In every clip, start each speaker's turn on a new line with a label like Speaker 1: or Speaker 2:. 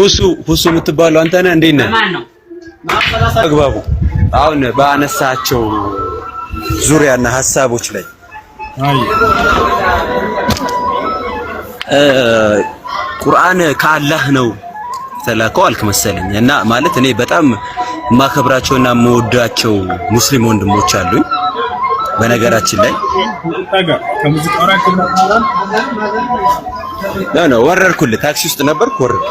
Speaker 1: ሁሱ ሁሱ የምትባለው አንተ ነህ? እንዴት ነህ? አግባቡ አሁን በአነሳቸው ዙሪያና ሀሳቦች ላይ
Speaker 2: ቁርአን ከአላህ ነው ተላከው አልክ መሰለኝ እና ማለት እኔ በጣም ማከብራቸውና መወዳቸው ሙስሊም ወንድሞች አሉኝ። በነገራችን ላይ ነው ነው ወረርኩልህ፣ ታክሲ ውስጥ ነበርኩ ወረርኩ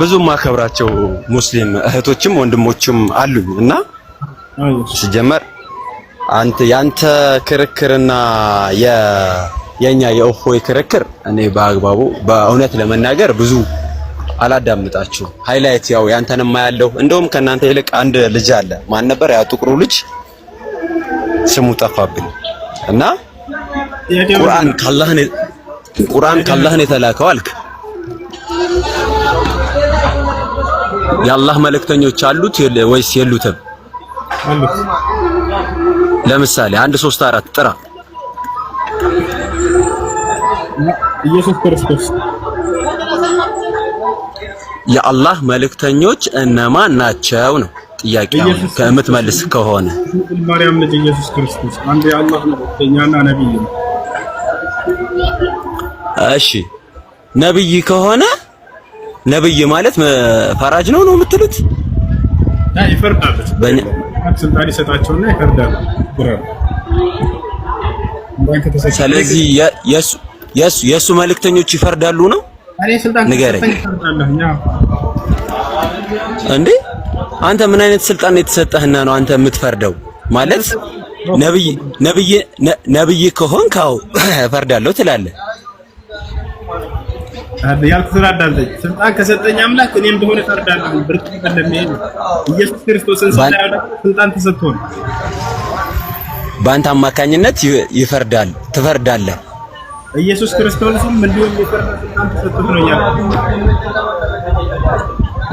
Speaker 2: ብዙ ማከብራቸው ሙስሊም እህቶችም ወንድሞችም አሉኝ እና ሲጀመር አንተ ያንተ ክርክርና የኛ የእፎይ ክርክር እኔ በአግባቡ በእውነት ለመናገር ብዙ አላዳምጣችሁ። ሃይላይት ያው ያንተንም ያለው እንደውም ከእናንተ ይልቅ አንድ ልጅ አለ። ማን ነበር ያ ጥቁሩ ልጅ? ስሙ ጠፋብኝ እና ቁርአን ካላህ ቁርአን ከአላህ ነው የተላከው አልክ። የአላህ መልእክተኞች አሉት ወይስ የሉትም? ለምሳሌ አንድ ሶስት አራት ጥራ። ኢየሱስ ክርስቶስ የአላህ መልእክተኞች እነማን ናቸው ነው ጥያቄ ከምትመልስ ከሆነ ማርያም ልጅ ኢየሱስ ክርስቶስ አንድ የአላህ መልእክተኛና ነብይ ነው። እሺ ነብይ ከሆነ ነብይ ማለት ፈራጅ ነው ነው የምትሉት? አይ ይፈርዳል። ስልጣን ይሰጣቸውና ይፈርዳል። ስለዚህ የሱ የሱ የሱ መልእክተኞች ይፈርዳሉ ነው? ንገረኝ እንዴ! አንተ ምን አይነት ስልጣን የተሰጠህና ነው አንተ የምትፈርደው? ማለት ነብይ ነብይ ነብይ ከሆንክ አዎ እፈርዳለሁ ትላለህ። ያልኩ ስራ አዳምጠኝ። ስልጣን ከሰጠኝ አምላክ እኔም እንደሆነ ታርዳለሁ። ብርቅ ቀለም ይሄ ኢየሱስ ክርስቶስን ስላለ ስልጣን ተሰጥቶን በአንተ አማካኝነት ይፈርዳል፣ ትፈርዳለህ። ኢየሱስ ክርስቶስም እንዲሁም ይፈርዳል ስልጣን ተሰጥቶት ነው ያለው።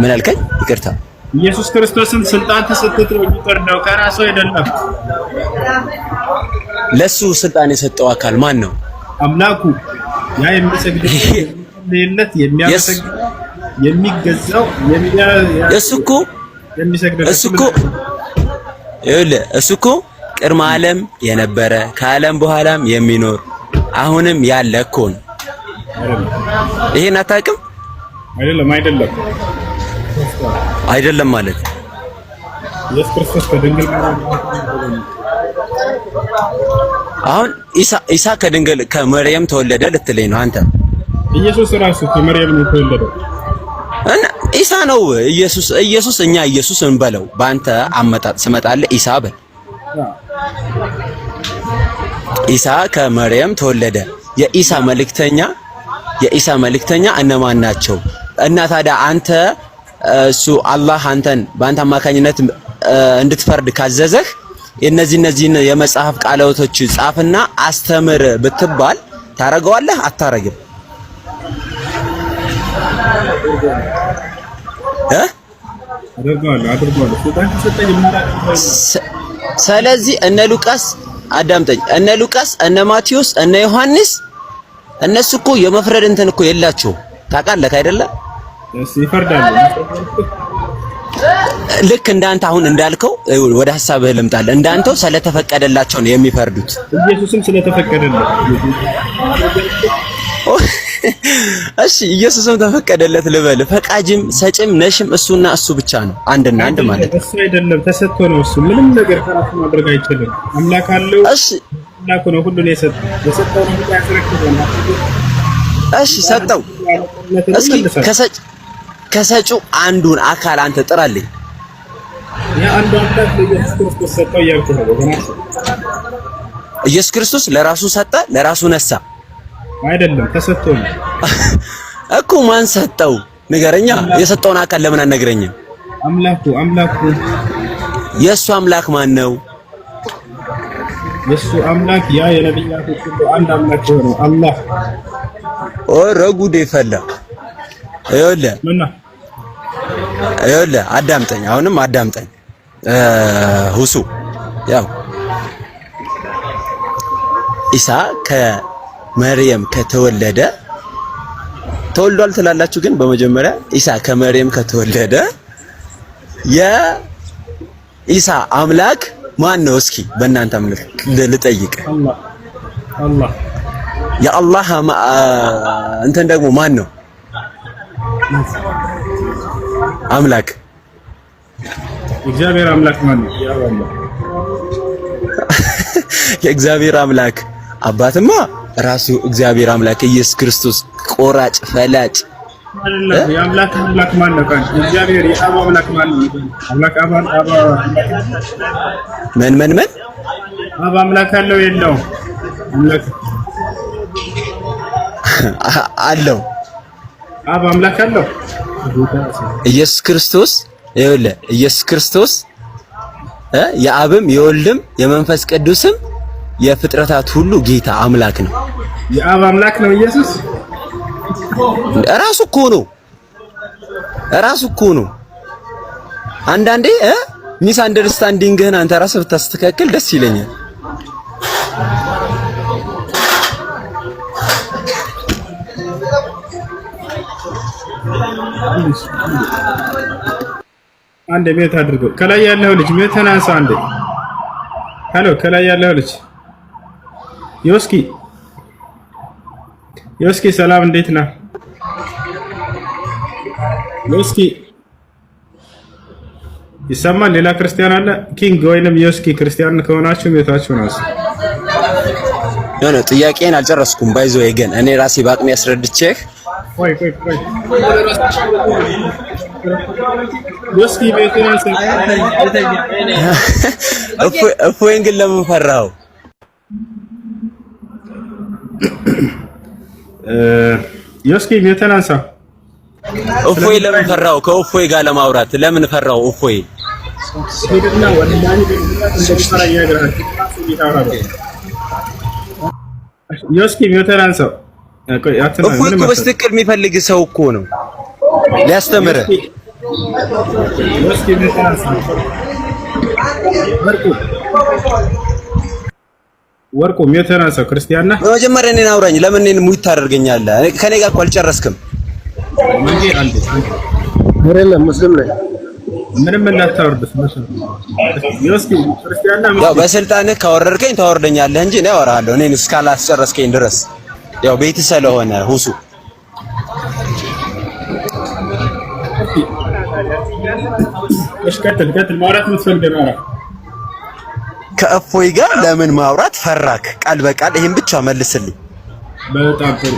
Speaker 2: ምን አልከኝ? ይቅርታ። ኢየሱስ ክርስቶስን ስልጣን ተሰጥቶት ነው የሚፈርደው፣ ከራሱ አይደለም። ለሱ ስልጣን የሰጠው አካል ማን ነው? አምላኩ ያ የሚሰግድለት የሚያሰግድ የሚገዛው እሱ እኮ እሱ እኮ ይኸውልህ እሱ እኮ ቅድመ ዓለም የነበረ ከዓለም በኋላም የሚኖር አሁንም ያለ እኮ ነው። ይሄን አታውቅም? አይደለም አይደለም አይደለም ማለት ኢየሱስ ክርስቶስ ከድንግል አሁን ኢሳ ኢሳ ከድንግል ከመርየም ተወለደ ልትለኝ ነው አንተ? ኢየሱስ ራሱ ከመርየም ነው የተወለደው እና ኢሳ ነው ኢየሱስ። ኢየሱስ እኛ ኢየሱስ እንበለው። በአንተ አመጣጥ ስመጣለህ ኢሳ በል። ኢሳ ከመርየም ተወለደ። የኢሳ መልእክተኛ የኢሳ መልእክተኛ እነማን ናቸው? እና ታዲያ አንተ እሱ አላህ አንተን በአንተ አማካኝነት እንድትፈርድ ካዘዘህ የነዚህ እነዚህን የመጽሐፍ ቃላቶች ጻፍና አስተምር ብትባል ታረገዋለህ? አታረግም? ስለዚህ እነ ሉቃስ አዳምጠኝ፣ እነ ሉቃስ፣ እነ ማቴዎስ፣ እነ ዮሐንስ እነሱ እኮ የመፍረድ እንትን እኮ የላቸው። ታውቃለህ አይደለ? ልክ እንዳንተ አሁን እንዳልከው ወደ ሀሳብህ ልምጣል። እንዳንተው ስለተፈቀደላቸው ነው የሚፈርዱት። ኢየሱስም ስለተፈቀደለት እሺ ኢየሱስም ተፈቀደለት ልበል። ፈቃጅም ሰጭም ነሽም እሱና እሱ ብቻ ነው፣ አንድና አንድ ማለት ነው። እሱ አይደለም ተሰጥቶ ነው። እሱ ምንም ነገር ከራሱ ማድረግ አይችልም። አምላክ አለው። እሺ አምላክ ነው ሁሉን የሰጠው። የሰጠው ነው ያስረክበው። እሺ ሰጠው። እስኪ ከሰጭ ከሰጩ አንዱን አካል አንተ ጥራልኝ። የአንዱ አምላክ ለኢየሱስ ክርስቶስ ሰጠው እያልኩ ነው ወገናት። ኢየሱስ ክርስቶስ ለራሱ ሰጠ፣ ለራሱ ነሳ አይደለም ተሰጥቶ ነው እኮ። ማን ሰጠው ንገረኛ። የሰጠውን አካል ለምን አልነግረኝም? አምላኩ አምላኩ። የእሱ አምላክ ማን ነው? የእሱ አምላክ ያ የነብያቶች ሁሉ አንድ አምላክ የሆነው አላህ። ኦ ረጉዴ ፈላ ይኸውልህ ይኸውልህ አዳምጠኝ፣ አሁንም አዳምጠኝ ሁሱ ያው ኢሳ ከመርየም ከተወለደ ተወልዷል ትላላችሁ፣ ግን በመጀመሪያ ኢሳ ከመርየም ከተወለደ የኢሳ አምላክ ማን ነው? እስኪ በእናንተ አምላክ ልጠይቅ። የአላህ እንትን ደግሞ ማን ነው? አምላክ እግዚአብሔር አምላክ ማን ነው? የእግዚአብሔር አምላክ አባትማ ራሱ እግዚአብሔር አምላክ ኢየሱስ ክርስቶስ ቆራጭ ፈላጭ የአምላክ አምላክ ማን ነው? እግዚአብሔር አምላክ ማን ነው? አባ ምን ምን ምን አብ አምላክ አለው የለው? አለው። አብ አምላክ አለው ኢየሱስ ክርስቶስ ይኸውልህ፣ ኢየሱስ ክርስቶስ የአብም የወልድም የመንፈስ ቅዱስም የፍጥረታት ሁሉ ጌታ አምላክ ነው። የአብ አምላክ ነው ኢየሱስ ራሱ እኮ ነው። ራሱ እኮ ነው። አንዳንዴ ሚስ አንደርስታንዲንግህን አንተ ራስህ ብታስተካክል ደስ ይለኛል። አንዴ ሜት አድርገው። ከላይ ያለው ልጅ ሜትን አንሳ። አንዴ ሄሎ፣ ከላይ ያለው ልጅ ዮስኪ፣ ዮስኪ፣ ሰላም እንዴት ነህ? ዮስኪ ይሰማል? ሌላ ክርስቲያን አለ? ኪንግ ወይንም ዮስኪ ክርስቲያን ከሆናችሁ ሜታችሁ ነው። ጥያቄን አልጨረስኩም። ባይዞ ይገን እኔ ራሴ በአቅሜ ያስረድቼህ ቆይ ቆይ ቆይ እፎይን ግን ለምን ፈራኸው? ዮስኪ ሜቴን አንሳ። እፎይ ለምን ፈራኸው? ከእፎይ ጋር ለማውራት ለምን ፈራኸው? እፎይ ዮስኪ ሜቴን እኩል እኮ በስትክክል የሚፈልግ ሰው እኮ ነው ወርቁ የተናሰው ክርስቲያን ነህ። በመጀመሪያ እኔን አውራኝ። ለምን እኔን ሙት ታደርገኛለህ? ከኔ ጋር እኮ አልጨረስክም። በስልጣንህ ካወረድከኝ ታወርደኛለህ እንጂ እኔ አወራሃለሁ። እኔን እስካላስጨረስከኝ ድረስ ያው ቤት ስለሆነ ሁሱ ከእፎይ ጋር ለምን ማውራት ፈራክ? ቃል በቃል ይሄን ብቻ መልስልኝ። በጣም ጥሩ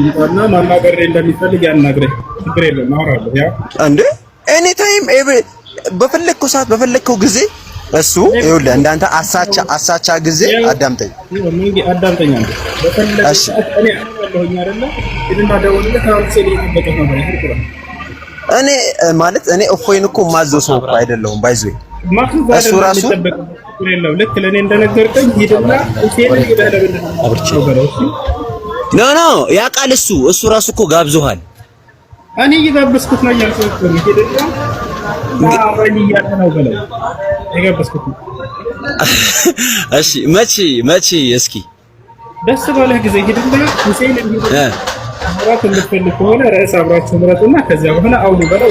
Speaker 2: እንኳን ማናገር እንደሚፈልግ ያናግረኝ። ችግር የለም አወራለሁ። ያው እንደ ኤኒ ታይም ኤቭሪ በፈለግከው ሰዓት በፈለግከው ጊዜ እሱ ይኸውልህ እንዳንተ አሳቻ አሳቻ ጊዜ አዳምጠኝ እኔ ማለት እኔ እፎይን እኮ ማዘው ሰው እኮ አይደለሁም። ባይዞ እሱ ራሱ ልክ ኖ ኖ ያውቃል እሱ እሱ ራሱ እኮ ጋብዞሃል። እኔ እየጋበዝኩት ነው ያልኩት ነው ሂድና የጋበዝኩት። እሺ መቼ መቼ? እስኪ ደስ ባለህ ጊዜ ሄድና ሁሴን ምራት የምትፈልግ ከሆነ ርዕስ አብራችሁ ምረጡና ከዚያ በኋላ አውሉ በለው።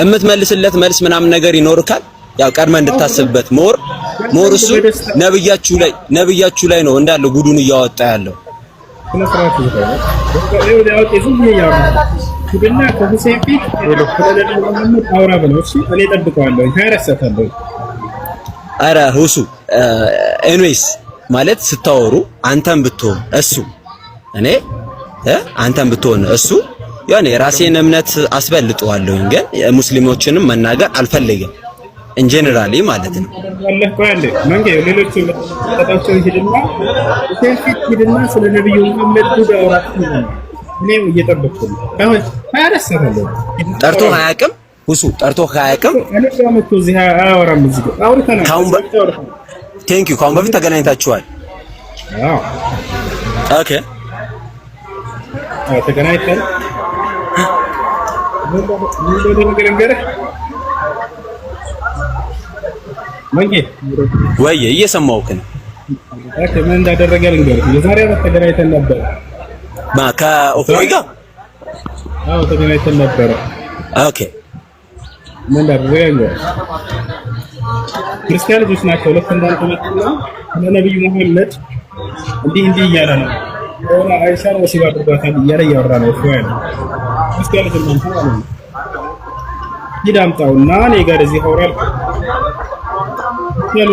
Speaker 2: የምትመልስለት መልስ ምናምን ነገር ይኖርካል። ያው ቀድመ እንድታስብበት ሞር ሞር እሱ ነብያችሁ ላይ ነብያችሁ ላይ ነው እንዳለ ጉዱን እያወጣ ያለው ሂድና ከሁሴ ፊት አውራ ብለው እሱ እኔ ጠብቀዋለሁ። ታረሰታለሁ አረ ሁሱ ኤንዌይስ ማለት ስታወሩ አንተም ብትሆን እሱ እኔ አንተም ብትሆን እሱ ያኔ ራሴን እምነት አስበልጠዋለሁ፣ ግን ሙስሊሞችንም መናገር አልፈልግም እንጀነራሊ ማለት ነው። ሌሎች እኔም እየጠበቅኩ ነው። ጠርቶ አያውቅም ሁሱ ጠርቶ አያውቅም። ከአሁን በፊት ተገናኝታችኋል? ኦኬ ተገናኝተን እየሰማሁህ ነው። ምን እንዳደረገ ልንገርህ። የዛሬ ዓመት ተገናኝተን ነበር ከኦፎይ ጋር አዎ ተገናኝተን ነበረ። ኦኬ ምን ክርስቲያን ልጆች ናቸው። ልክ እንዳንተ መጥና ለነብዩ መሐመድ እንዲህ እንዲህ እያለ ነው ወራ አይሻን ወሲብ አድርጓታል እያለ እያወራ ነው። ፎያን ክርስቲያን ልጆች ናቸው ማለት ነው። ሂድ አምጣውና እኔ ጋር እዚህ አውራል ያሉ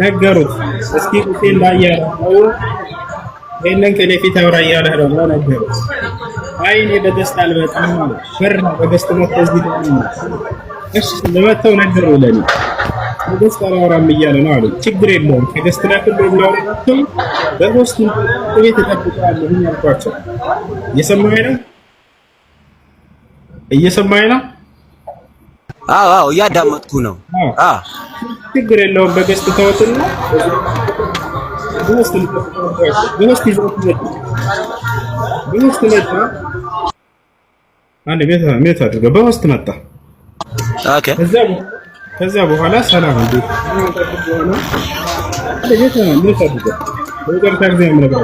Speaker 2: ነገሩት እስኪ ቁጤ እንዳያለ ነው ይህንን ከኔ ፊት አብራ ነው ደግሞ ነገር አይ እኔ በገስት አልመጣም ማለት ብር ነው በገስት መጥቶ እዚህ ደግሞ እሺ ለመተው ነገር ነው ለኔ በገስት አላወራም እያለ ነው አለ ችግር የለውም ከገስት ላይ ሁሉ የሚያወራቸው እቤት ቤት እጠብቀዋለሁ ያልኳቸው እየሰማኸኝ ነው እየሰማኸኝ ነው አዎ አዎ እያዳመጥኩ ነው አዎ ችግር የለውም። በገስት ተወትና በውስጥ መጣ። አንድ ቤት መጣ። ኦኬ። ከዛ በኋላ ሰላም እንዴ አንድ ቤት ቤት አድርገው በቀርታ ጊዜ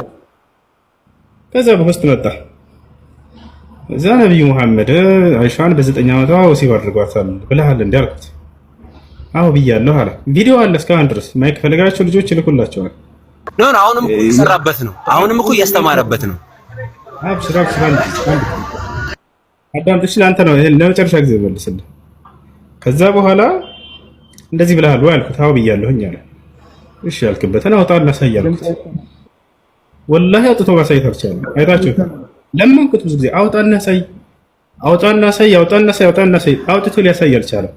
Speaker 2: ከዛ በውስጥ መጣ። እዛ መሐመድ አይሻን በዘጠኝ ዓመቷ ወሲብ አድርጓታል ብለሃል እንዲህ አልኩት። አዎ ብያለሁ አለ። ቪዲዮ አለ እስካሁን ድረስ ማይክ ፈልጋችሁ ልጆች ይልኩላቸዋል። ኖ አሁንም እኮ እየሰራበት ነው። አሁንም እኮ እያስተማረበት ነው። አብ ስራ ስራ አዳም ትችል ለአንተ ነው ይሄን ለመጨረሻ ጊዜ መልስልህ። ከዛ በኋላ እንደዚህ ብለሃል ወይ አልኩት። አዎ ብያለሁኝ አለ። እሺ ያልክበትን አውጣ እናሳይ አልኩት። ወላሂ አውጥቶ ማሳየት አልቻለም። አይታችሁት ለምን ብዙ ጊዜ አውጣ እናሳይ፣ አውጣ እናሳይ፣ አውጣ እናሳይ፣ አውጣ እናሳይ አውጥቶ ሊያሳይ አልቻለም።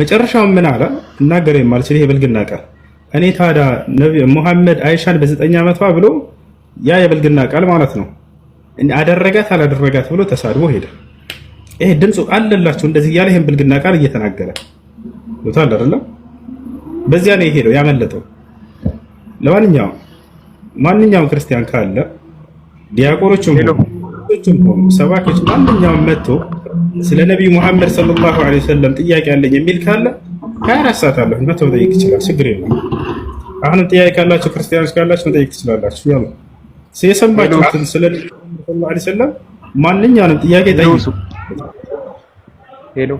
Speaker 2: መጨረሻው ምን አለ? እናገረ የማልችል ይሄ ብልግና ቃል እኔ ታዲያ ሙሐመድ አይሻን በዘጠኝ ዓመቷ ብሎ ያ የብልግና ቃል ማለት ነው አደረጋት አላደረጋት ብሎ ተሳድቦ ሄደ። ይሄ ድምፁ አለላችሁ እንደዚህ እያለ ይሄን ብልግና ቃል እየተናገረ ቦታ አለ። በዚያ ነው የሄደው ያመለጠው። ለማንኛውም ማንኛውም ክርስቲያን ካለ ዲያቆኖቹም ሰባኪዎችም ሆኑ ሰባኪዎች ማንኛውም መጥቶ ስለ ነቢዩ ሙሐመድ ሰለላሁ ዐለይሂ ወሰለም ጥያቄ አለኝ የሚል ካለ ሀያ አራት ሰዓት አለሁ መጥቶ መጠየቅ ይችላል። ችግር የለም። አሁንም ጥያቄ ካላችሁ ክርስቲያኖች ካላችሁ መጠየቅ ትችላላችሁ። ያሉ የሰማችሁትን ስለ ነቢዩ ወሰለም ማንኛውንም ጥያቄ ጠይቁ። ሄሎ